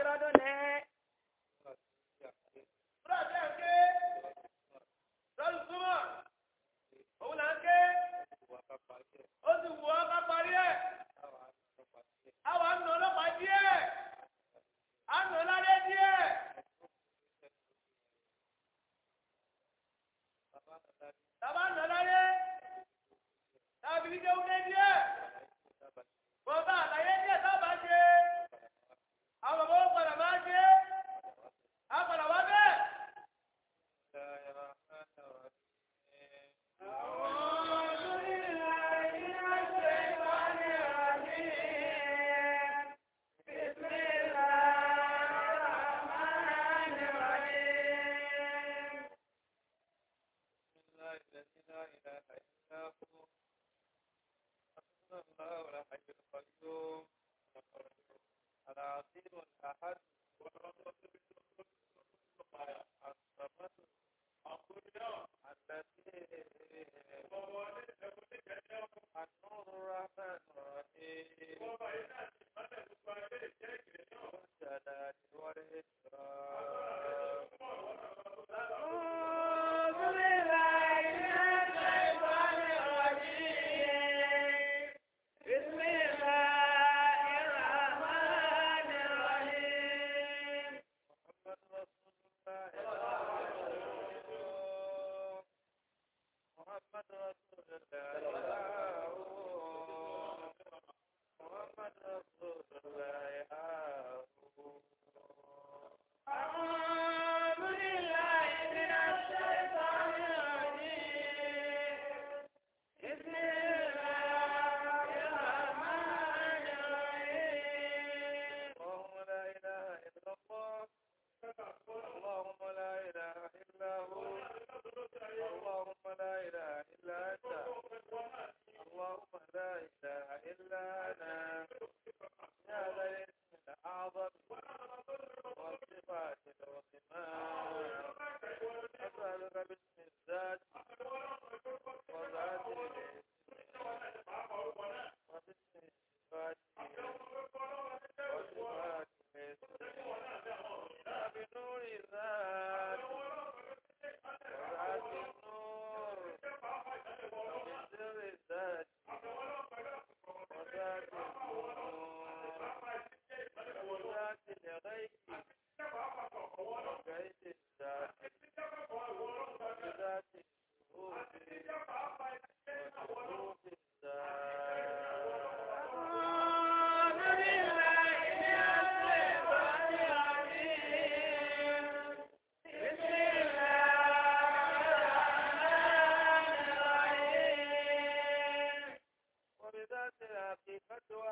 get out of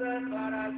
fara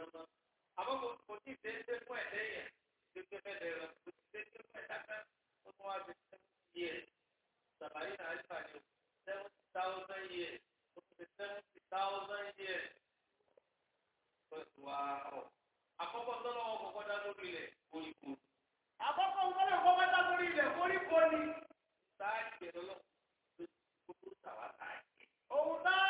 nǹkan mọ́. àmọ́ mo kò tí ì dé ṣe fún ẹ̀dẹ́ yẹn gbogbo ẹ̀dẹ́ rẹ̀ kò tí ì dé ṣe fún ẹ̀dá kan ó tún wá fi seventy years sàbáyé náà àlùfà ni seventy thousand years ó tún fi seventy thousand years ó ti wá ọ̀. àkọ́kọ́ tọ́lọ́ wọn kọ́kọ́ dá lórí ilẹ̀ koríko. àkọ́kọ́ tọ́lọ́ wọn kọ́kọ́ lórí ilẹ̀ koríko ni. sáà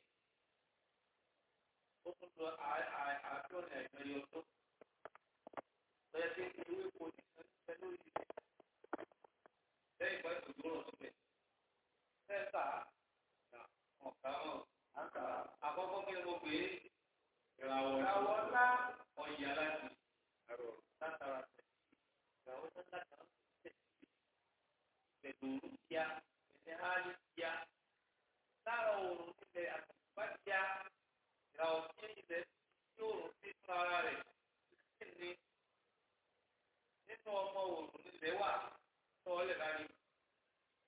sọ àjọ ní àìmọye ọdún bẹ́ẹ̀ tí irú epo ní ṣẹlẹ̀ lórí ilẹ̀ lẹ́yìn ìgbà tó dúró sókè tẹsà ọkà ọkà àkọ́kọ́ kí ni mo pè é ìràwọ̀ ìràwọ̀ ńlá ọyà láti àrò látara tẹ ìràwọ̀ ńlá látara tẹ pẹ̀lú kíá pẹ̀lú hálí kíá lára òòrùn nílẹ̀ àtìpá kíá. làwọn tí ilẹ̀ yóò rò sí fún ara rẹ̀ sí ni nínú ọmọ òòrùn nílẹ̀ wà tó ọlẹ̀ lárí.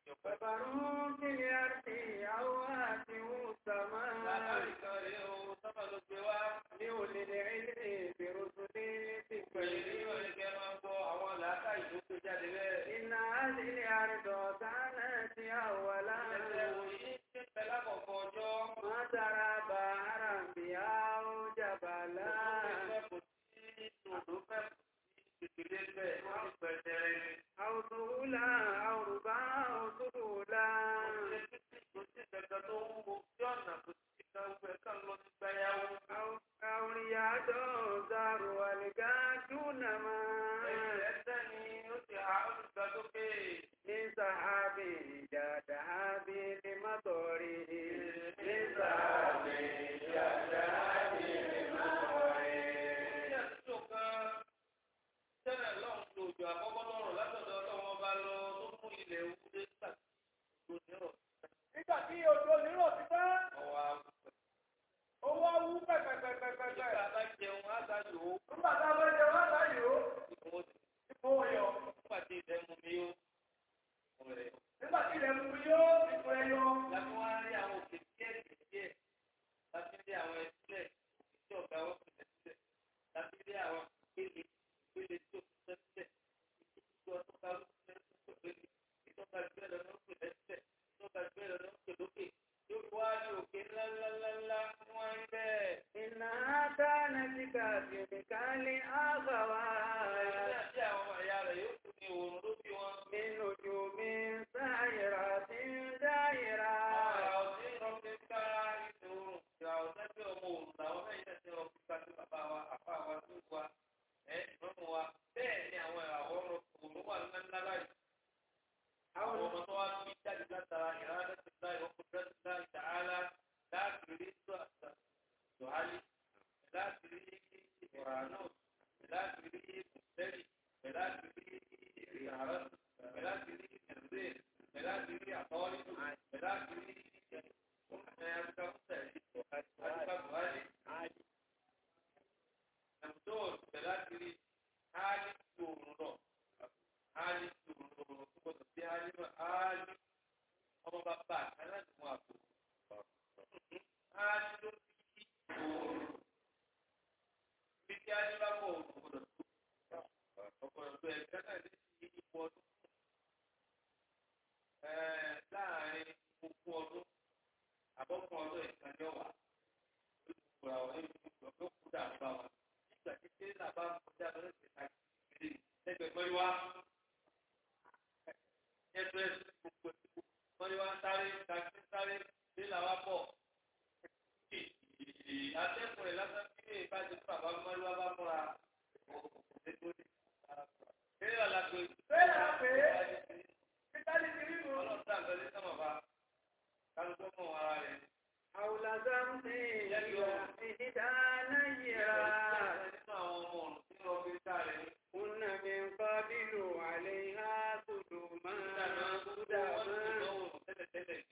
Ìpẹ̀bàrún kí ni a ti àwọ́ àti oúnjẹ máa ń lábárí kan rẹ̀ ohun sábà ló gbé wá ní òlèlè ilé ìbẹ̀rù tó ní ti pẹ̀lú ní ọ̀rẹ́gẹ́ máa ń gbọ́ àwọn làákà ìlú tó jáde bẹ́ẹ̀. Iná àdílé àrídọ̀ sáánà ti àwọ̀ láàárín. Ẹ̀sẹ̀ òyìn ti pẹ̀lákọ̀ọ̀kọ̀ ọjọ́. Wọ́n tara bàá أو جبلا أو طولا أو ربا أو طولا أو أو رياضة bá ọ̀gbọ̀n ọ̀gbọ̀n ẹ̀gbẹ́ náà ní ti ipò ọdún. láàárín ogún ọdún àbọ̀kùn ọdún ìkànnì ọ̀wà olùkọ́ àwọn olùkọ́ tó kú dàrú bá wọn. nígbà tí tẹ́lá bá ń kọjá lọ́dún ìkànnì lẹ́gbẹ̀ẹ́ mọ́ríwá ẹgbẹ́ gbogbo mọ́ríwá sáré ìkànnì sáré tẹ́lá wá bọ̀. àtẹ́kùn rẹ̀ lásán tí ìbá ti fún bàbá mọ́lúwa bá múra bẹ́ẹ̀ lọ́la pé bẹ́ẹ̀ lọ́la pé títàlí ti rí nù. àgbẹ̀ ní sọ́mọ̀ kálukú mọ̀ ara rẹ̀. àwùlàdá ń ní ìyá ìdánáyìíra. nínú àwọn ọmọ ọ̀run tí wọ́n fi sáré. Kúnnà mi ń fa bílò àlẹ́ ìhá tòló máa ń dàgbà. Wọ́n ti lọ́wọ́ tẹ́lẹ̀tẹ́lẹ̀ yìí.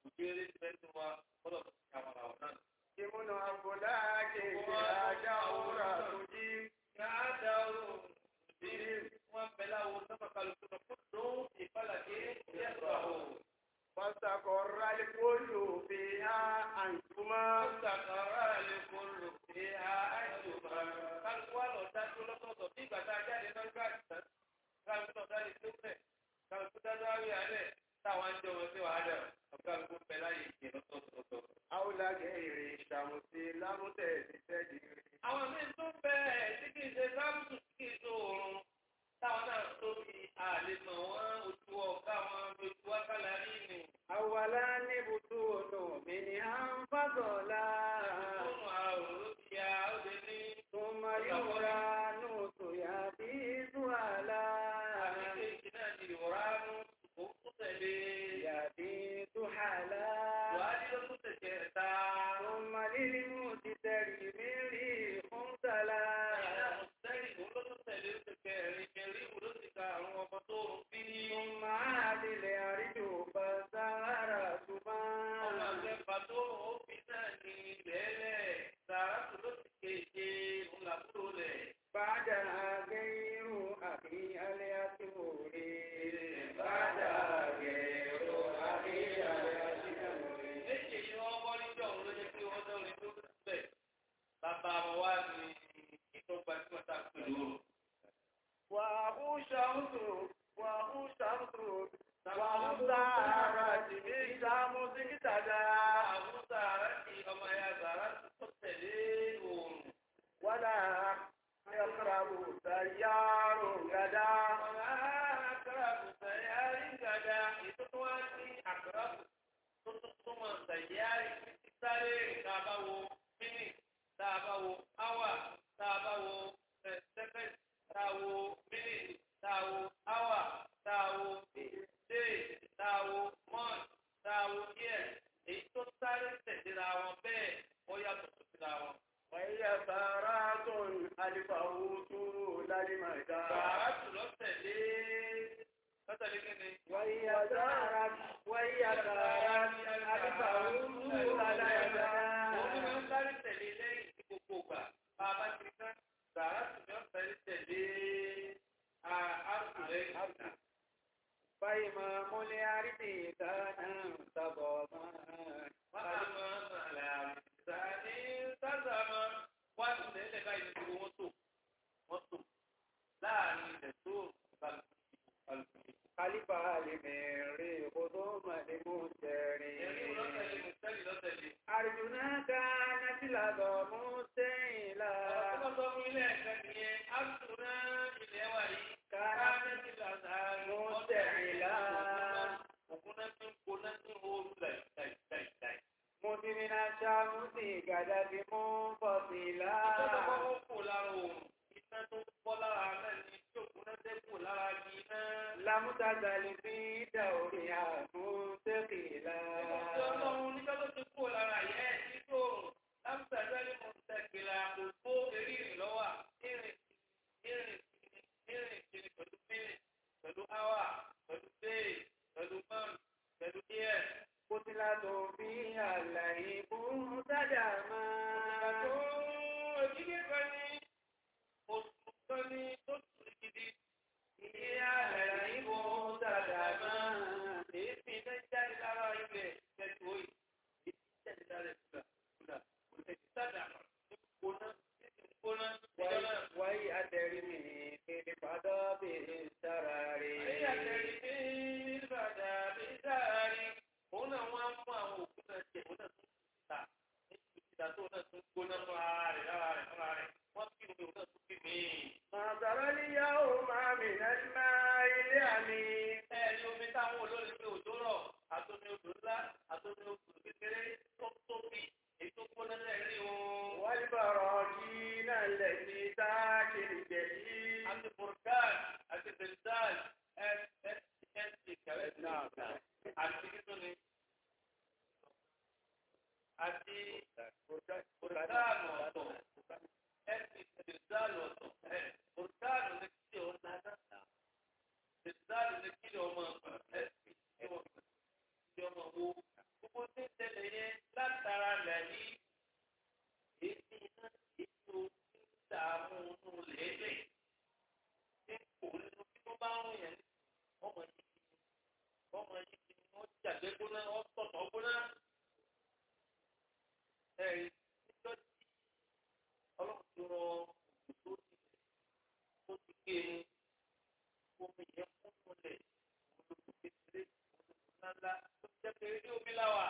kéré tẹ́tù wa kọ́lọ̀ kàmàrà ọ̀nà. Ìmúnà àbúdá kéèké ajá òwúrà tó jí. Káàdà òun bí wọ́n bẹ̀lá wo sábà kálukú lọ fún tó ìfàlàyé yẹ̀sọ̀ àwọn. Fọ́sàkọ̀rọ̀ alẹ́kọ̀ọ́lù fi há àǹtúmá. Fọ́sàkọ̀rọ̀ alẹ́kọ̀ọ́lù fi há àǹtúmá. Kálukú wà lọ dájú lọ́sọ̀ọ̀sọ̀ bí ìgbà tá a jáde lọ́gbà ìtàn. Kálukú lọ dájú tó bẹ̀. Kálukú dájú àwẹ̀ àlẹ̀ táwọn jọ wọn sí wàhálà kálukú bẹ láyé ìṣe lọ́tọ̀ọ̀tọ̀. Àwòlágẹ̀ ìṣàmùsí lámútẹ̀ ti tẹ́jì rí. Àwọn míì tó bẹ tí kì ṣe sáàmùsù kì tó oorun. Táwọn náà tó fi àlè mọ̀ wọ́n ojú ọ̀gá wọn lójú wákàlà nínú. Àwòlá níbùdó ọ̀nà mi ń fàgọ̀lá. بعدها làbọ̀ mú sẹ́yìn la. Ọ̀pọ̀lọpọ̀ fún ilé ẹ̀kọ́ ni ẹ, a tún rán ilẹ̀ wà yìí. Kára mẹ́sì làbà mú sẹ́yìn la. Òkúnná tí ń kó náà tí ó rú láìláìláì. Mo ti rí náà ṣáàmú sí ìgàdá ti mú bọ̀ sí ìlà. Ìjọba ó kò lára òun iná ní iná. Lámúta ویډیو ملاوه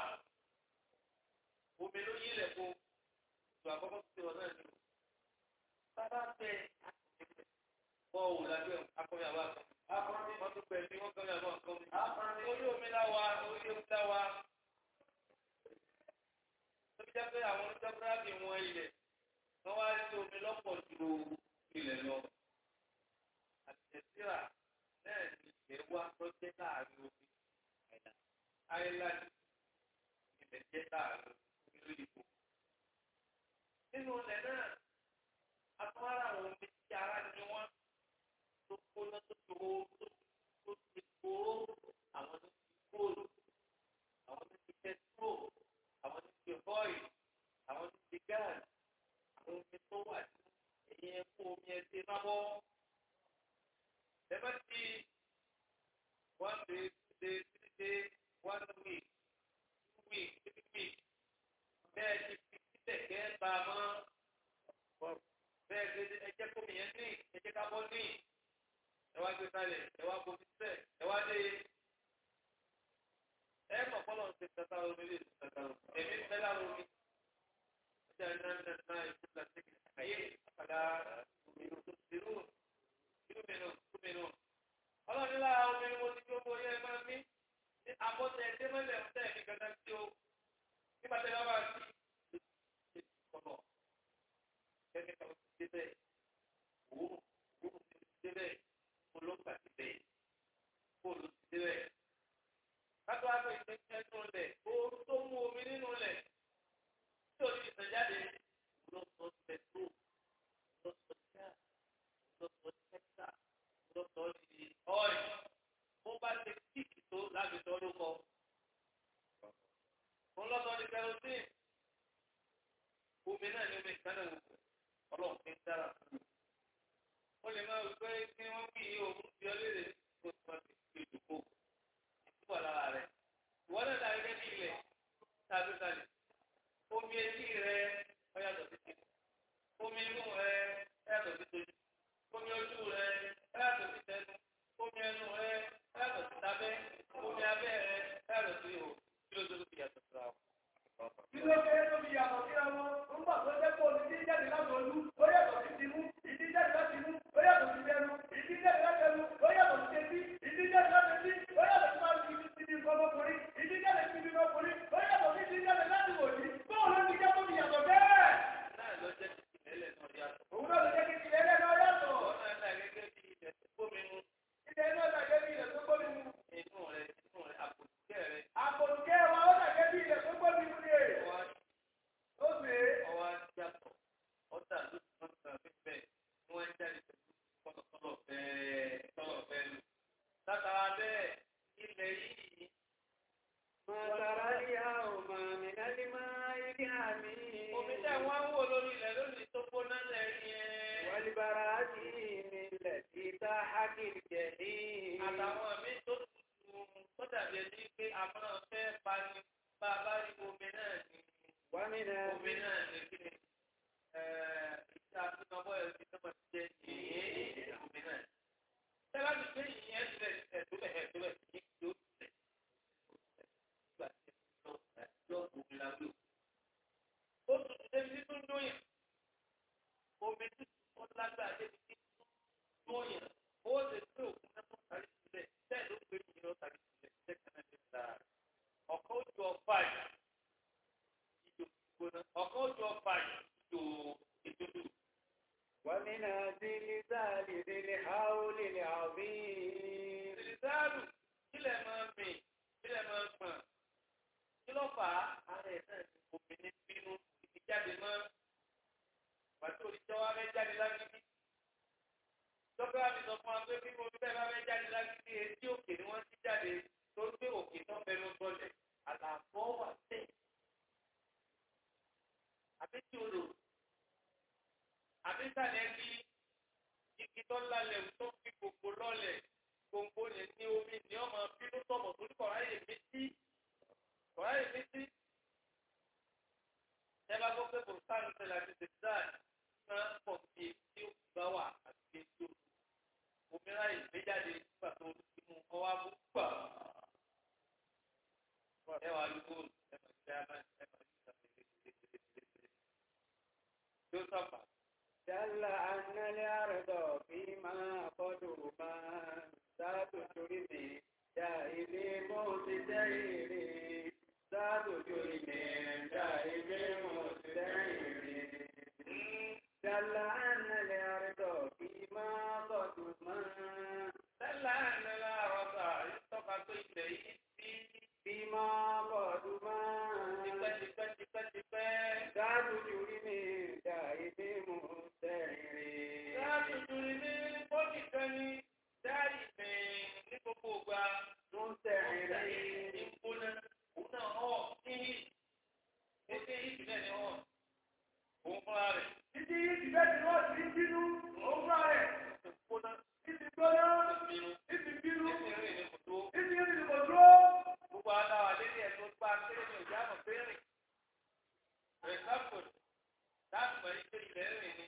Jeremy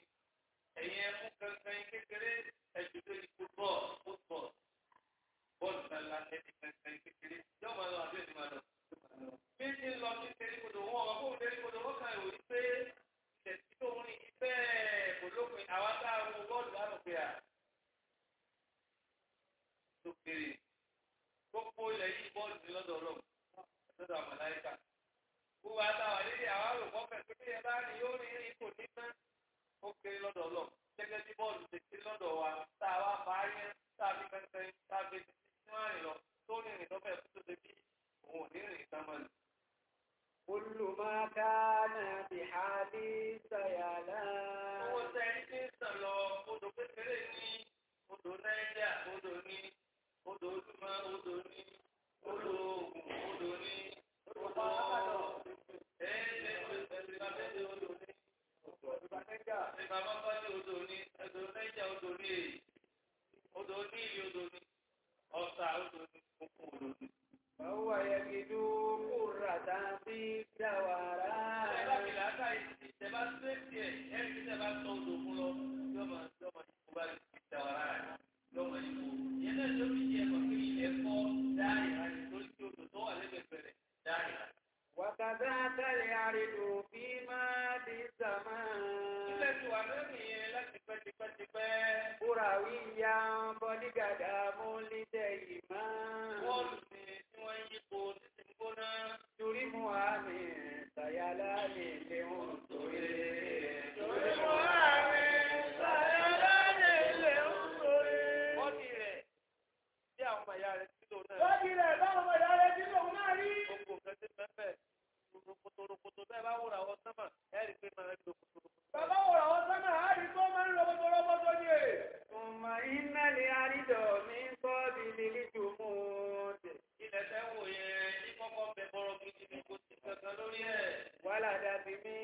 lórí ẹ̀ wàhálà dá sí mí.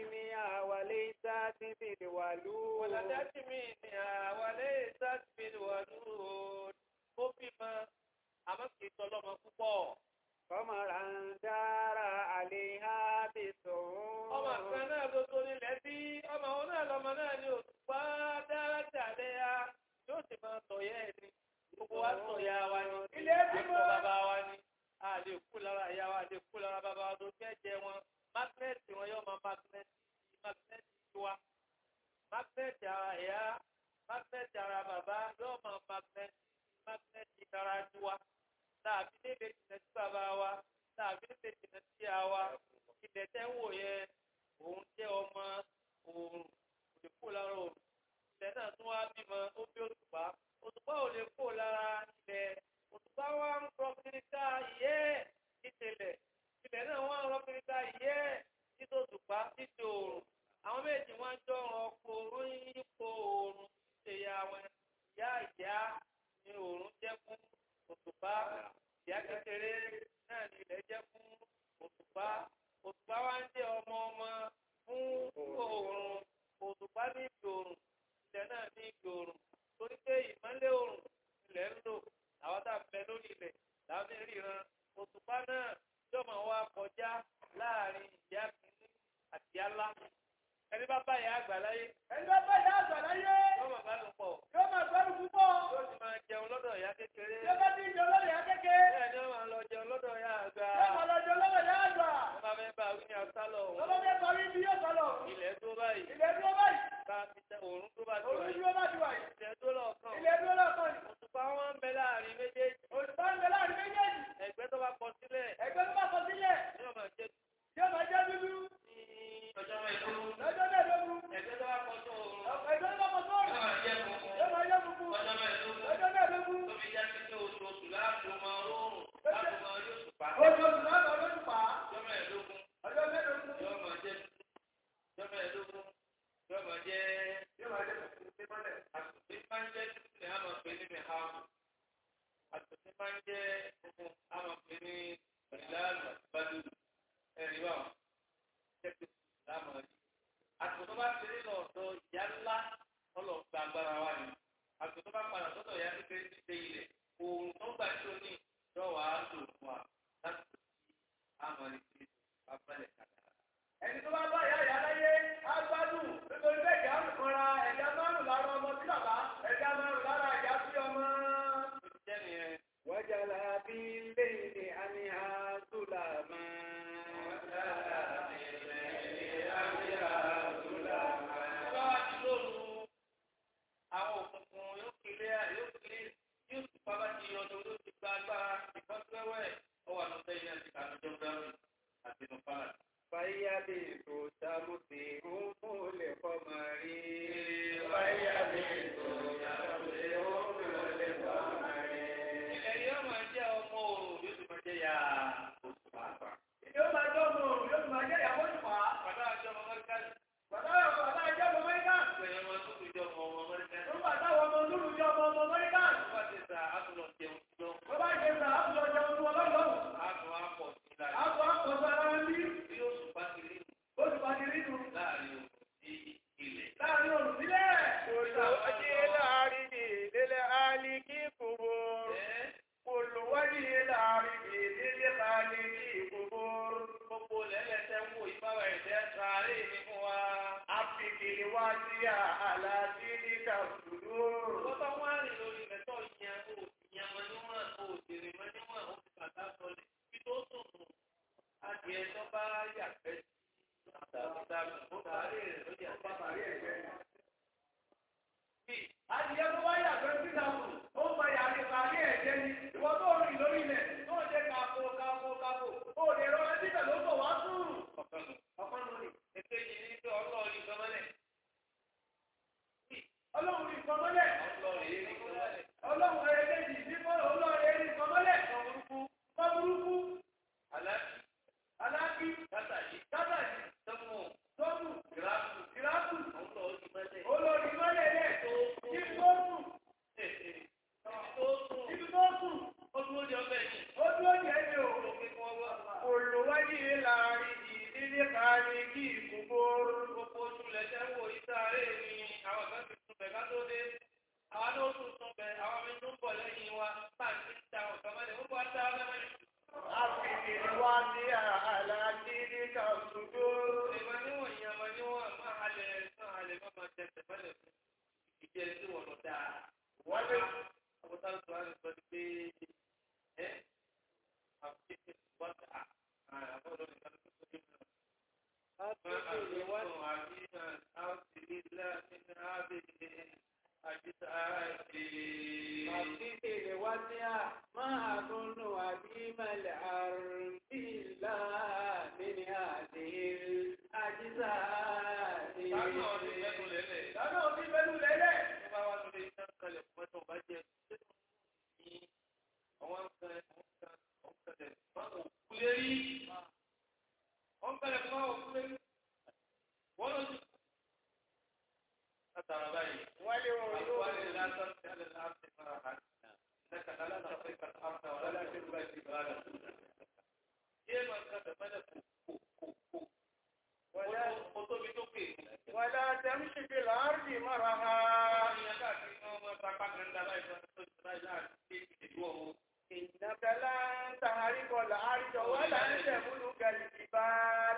sàárì kọlà àríjọ wọ́n là ń tẹ̀múlù gàlì ìbá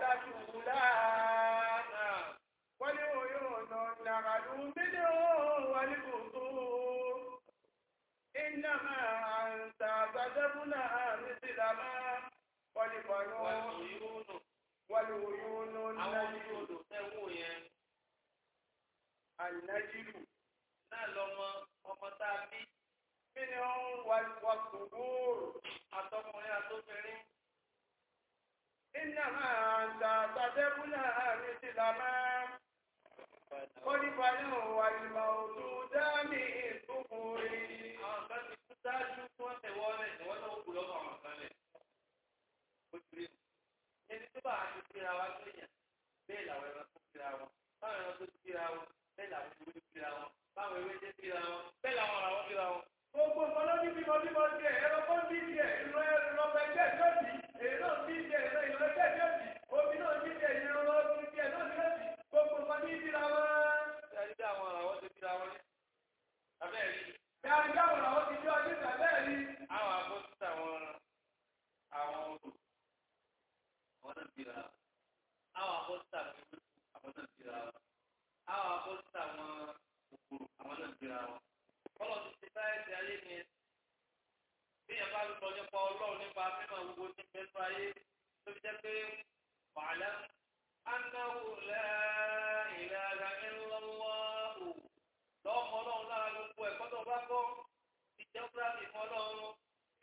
látùmù láàá. Wọ́n ní òun yóò nà nàràlú mílíọ̀ wọ́n ní kùtù. Iná máa ń ta àgbàdẹ́bù náà ní sílámà. Wọ́n wà wà kùgbóòrò. إنما أنت تدبنا مثل ما خلف له الموت دامي الكفور Ẹni tó bá àti kíra wá tó yàn, bẹ́ẹ̀ làwọn ẹran tó kíra wọn, báwọn ẹran tó kíra wọn, bẹ́ẹ̀ làwọn ìwé kíra wọn, báwọn ìwé jẹ́ kíra wọn, bẹ́ẹ̀ làwọn ọ̀ràwọ̀ kíra wọn. Gbogbo ọ̀pọ̀lọ́ ní bímọ bímọ jẹ́ ẹ̀rọ kọ́ bí jẹ́ ìlú ẹ̀rọ lọ́pẹ́ jẹ́ síra àwọn apọ́sítà àwọn àwọn náà síra àwọn apọ́sítà àwọn kòkòrò àwọn náà síra wọn. bọ́lá ti ti sáyẹ́sì ayé ni bí yẹn bá ń sọ nípa ọlọ́run nípa mímọ̀ gbogbo ní pẹ̀lú ayé tó fi jẹ́ pé wàhálà anáwó lẹ́yìn ìlànà ńlọ́wọ́ lọ́mọ ọlọ́run lára gbogbo ẹ̀kọ́ tó bá kọ́ ìjọba ìmọ̀ ọlọ́run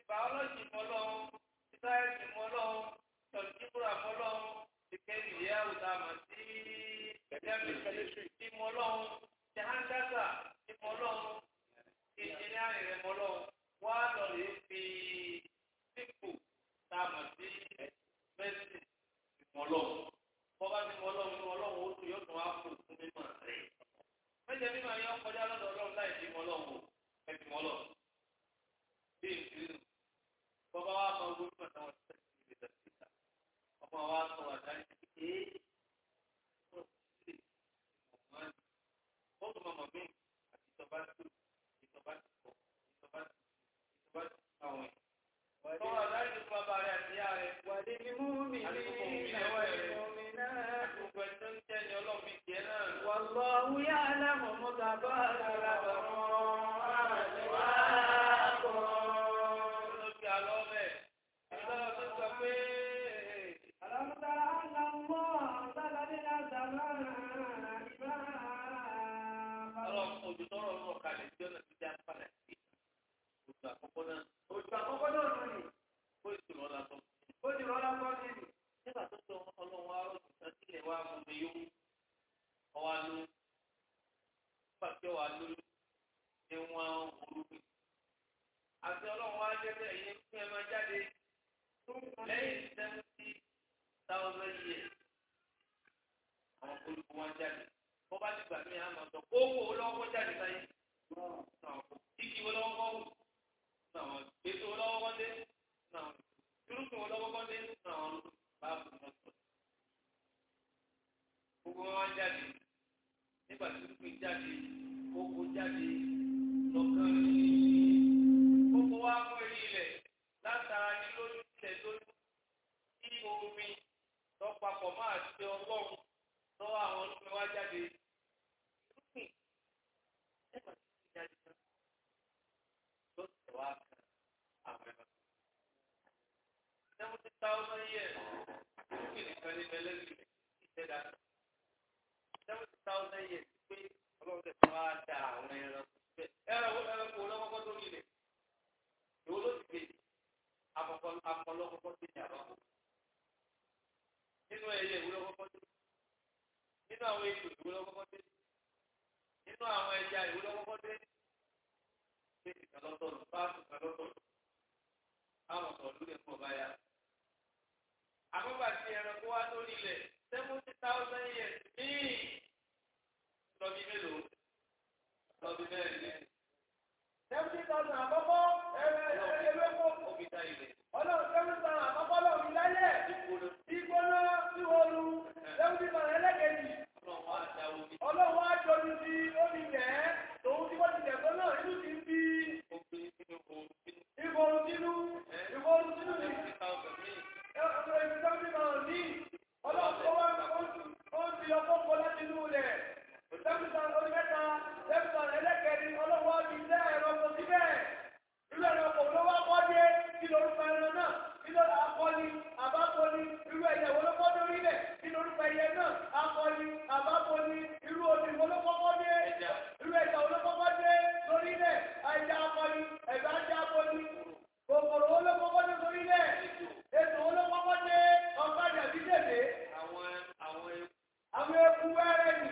ìbáwọ́lọ́jì ìmọ̀ ọlọ́run tọ̀jú àfọlọ́hún ìkẹ́lì yẹ àwùjọ àmọ̀ sí ìdẹ́mi tí mo lọ́hún ti hánṣáṣà tí mo lọ́hún ti ìjìnlẹ́rìn rẹ̀ mo lọ́hún wá lọ lè fi sípò tá a mọ̀ sí mẹ́sìn mo lọ́hún bọ́bá ti mo lọ́hún mo lọ́hún ó tún yóò tún wá fún un mímọ̀ rẹ̀. mẹ́jẹ̀ mímọ̀ yẹn kọjá lọ́dọ̀ ọlọ́run láì ọmọ wa sọ wà dájú pé ó sì mọ̀ mọ́ ó mọ̀ mọ̀ mí àti ìjọba tó ìjọba tó kọ̀ ìjọba tó ìjọba tó àwọn ẹ̀. Tọ́wọ́ aláìsí fún bàbá rẹ̀ àti ìyá rẹ̀. Wàdí ni mú mi ní ìwà ìmọ̀mí náà. Àtùkọ̀ ẹ̀sán jẹ́ ni ọlọ́mí jẹ́ náà. Wàlọ́hu yá aláwọ̀ mọ́ta bá ara rà bá. àti ọ̀nà tó já padà sí oṣù àkọ́kọ́ náà. oṣù àkọ́kọ́ náà ló ní. ó sì rọ́ la sọ. ó sì rọ́ la sọ ní ìlú. nígbà tó sọ ọlọ́run wa oṣù kan sílẹ̀ wa mú mi yó. ọwa ló pàṣẹ wa ló ní wọn òru mi. àti ọlọ́run wa jẹ́ bẹ́ẹ̀ yẹn fún ẹ máa jáde. lẹ́yìn sẹ́ńtì táwọn ẹ̀yẹ àwọn olùkọ́ wọn jáde. bó bá ti gbà mí àmọ̀ sọ kó owó olówó jáde báyìí kíkì wọ́n lọ́wọ́ wù náà ètò lọ́wọ́ wọ́dé náà irúgbìn wọ́n lọ́wọ́ wọ́dé náà bá bù náà sọ. gbogbo wọn wá jáde nígbà tí irúgbìn jáde kókó jáde lọ́kàn ní kókó wá fún eré ilẹ̀ látara ní lójú ilẹ̀ lójú kí omi lọ́pàpọ̀ máa ṣe ọlọ́run lọ́wọ́ àwọn olùgbé wá jáde irúgbìn nígbà tí work available. 70,000 years, he said that. 70,000 years, pé ọlọ́dẹ tó wá da àwọn ẹran pé ẹran wo ẹran kò lọ́kọ́kọ́ tó nílẹ̀ ìwọ ló ti gbé akọ̀kọ̀ akọ̀lọ́kọ́kọ́ tó ní àbáwọ̀ nínú ẹyẹ ìwọ lọ́kọ́kọ́ tó nínú àwọn ètò ìwọ lọ́kọ́kọ́ tó nínú àwọn ẹja ìwọ lọ́kọ́kọ́ tó ìkàlọ́tọ̀ lùfáàtù ìkàlọ́tọ̀ àwọn ọ̀dọ́ lè pọ̀ báyà. àbúgbà tí ẹranko wá lórí ilẹ̀ seventy thousand years míì lọ́bí mélòó lọ́bí mẹ́rin ní. seventy thousand àkọ́kọ́ ẹ̀rọ ẹ̀rọ ẹ̀kọ́. omi ta ilẹ̀. ọlọ́run seventy thousand àkọ́kọ́ lọ́bí lálẹ́. ìgbóná sí ooru seventy wá jọ ní ti omi yẹn. Ìfọ̀rùsínú, ìfọ̀rùsínú ni, ẹ̀rọ ìfẹ́sẹ́mí máa ní, ọlọ́pọ̀ wá ń fi ọkọ̀ kọ láti inú rẹ̀. Ìfẹ́sẹ́mí onímẹ́ta, lẹ́fẹ́sọ̀ ẹlẹ́kẹ̀ẹ́ni ọlọ́wọ́ ti lẹ́ ẹ̀rọ kò sí bẹ́ẹ̀. Irú ẹ̀rọ kò ló wá kọ́ dé kí lórúkọ ẹran omi wo ló kọ́kọ́ dé, irú ẹ̀yẹ̀ wo ẹja akọni ẹgbẹ́ ajá akọni kòkòrò olókòkò ní sórí lẹ̀ ètò olókòkò ní ọgbà jàbí tèlé. àwọn àwọn eku. àwọn eku wẹ́rẹ́ nì.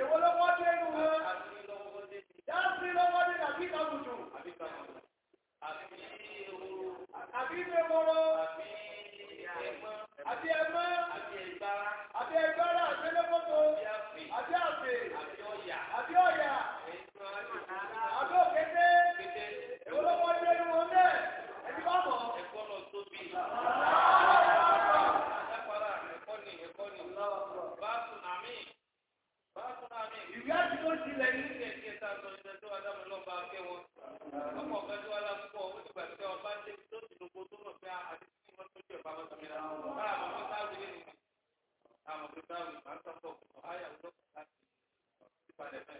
èwo lọ́kọ́ dé nù wọn. dáàbì lọ́kọ́ dé tàbí kàbùtù. àbí kàbùtù. àbí ehoro. àbí ehoro. àbí ẹgbẹ́. àbí ẹgbẹ́. àbí ẹgbẹ́. àbí ẹgbẹ́. káwọn tó dáwọ ìgbà ń sọpọ kò háyà lọkọ láti ìpalẹ̀ mẹ.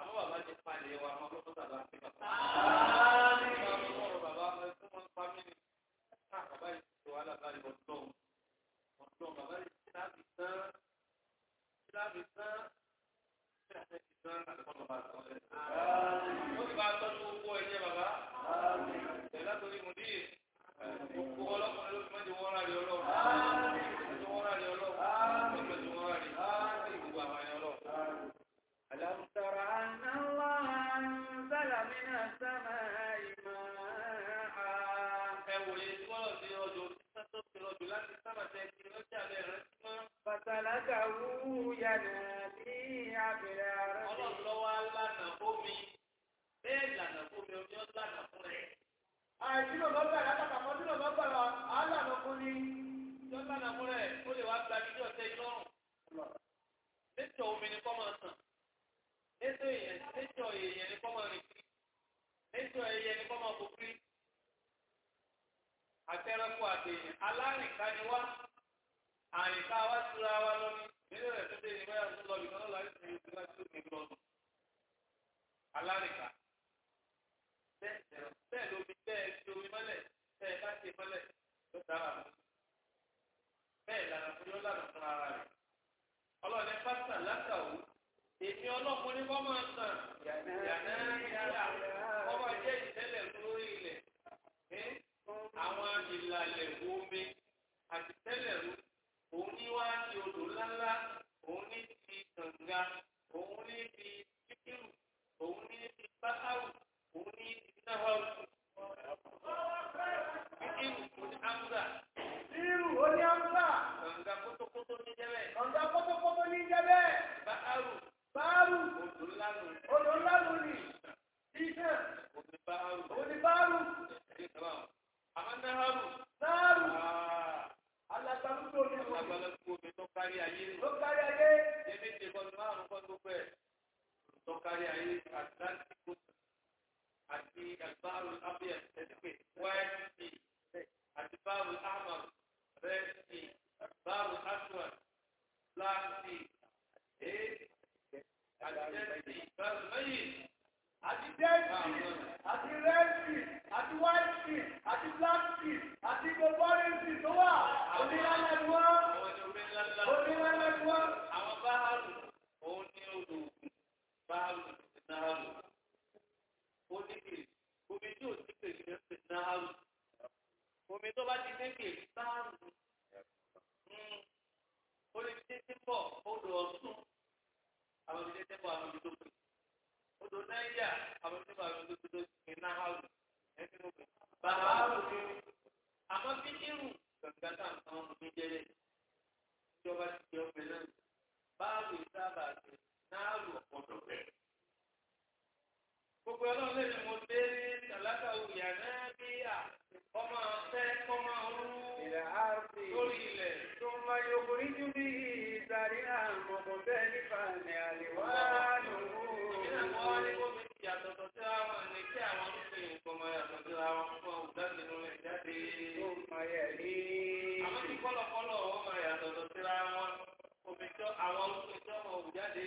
àmọ́ bàbá ti palẹ̀ wa àwọn ọlọ́pàá bàbá ti bàbá. ìsìláàmù ní kọ́ńtò tọ́kárí ayé atlantic àti albaru abia ẹ̀dẹ́gbẹ̀ wáyé àti báàrù ahmad rẹ́ẹ̀sì báàrù aswan black sea ee àti báàrù mẹ́yìn. Àti dẹ́ẹ̀sì, àti rẹ́ẹ̀sì, àti wáìsì, àti bláàkì, àti gbogbo ọ́rẹ́sì tó wà, onílànà ni wọ́n, onílànà ni wọ́n, àwọn báàlù náàlù oníkèlè omi tí ò sí kèlè ń pè náàlù omi tó bá ti dékèlè náàlù hmm. ó lè dé tí ń bọ̀ odò ọ̀tún àwọn ìdílé tí ń bọ̀ àwọn ìdílé tó pè odò náírà àwọn ìdílé tó àwọn ìdílé tó pè náàlù ẹni ìsábà àti náà lò ọ̀pọ̀lọpọ̀ bẹ̀rẹ̀. gbogbo ọlọ́run lè ní mo dé ní tàlákà òyà náà bí à ọmọ ọ̀tẹ́ kọ́mọ ọ̀rú lórí ilẹ̀. tó máa yọkùn níjú bí ìdarí àrùn ọ̀pọ̀ bẹ́ẹ̀ nípa àmì àlèwà lòwò. ìdílé wọn ní kó fi yàtọ̀tọ̀ sí àwọn ní kí àwọn olùsìn nǹkan máa yàtọ̀ sí àwọn fún ọ̀gbẹ́ni ló lè jáde. ó máa yẹ ní. àwọn tí kọ́lọ̀kọ́lọ̀ ó máa yàtọ̀tọ̀ sí àwọn òfin tó àwọn olùsìn tó ọmọ òjáde.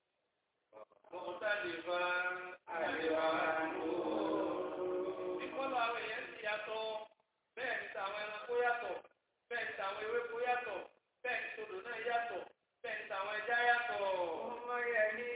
mọ̀tàlífà àríwá ló. ìkọlọ̀ àwọn èèyàn sì yàtọ̀ bẹ́ẹ̀ ni tàwọn ẹranko yàtọ̀ bẹ́ẹ̀ ni tàwọn ewéko yàtọ̀ bẹ́ẹ̀ ni tòdò náà yàtọ̀ bẹ́ẹ̀ ni tàwọn ẹja yàtọ̀. ọmọ yẹn ní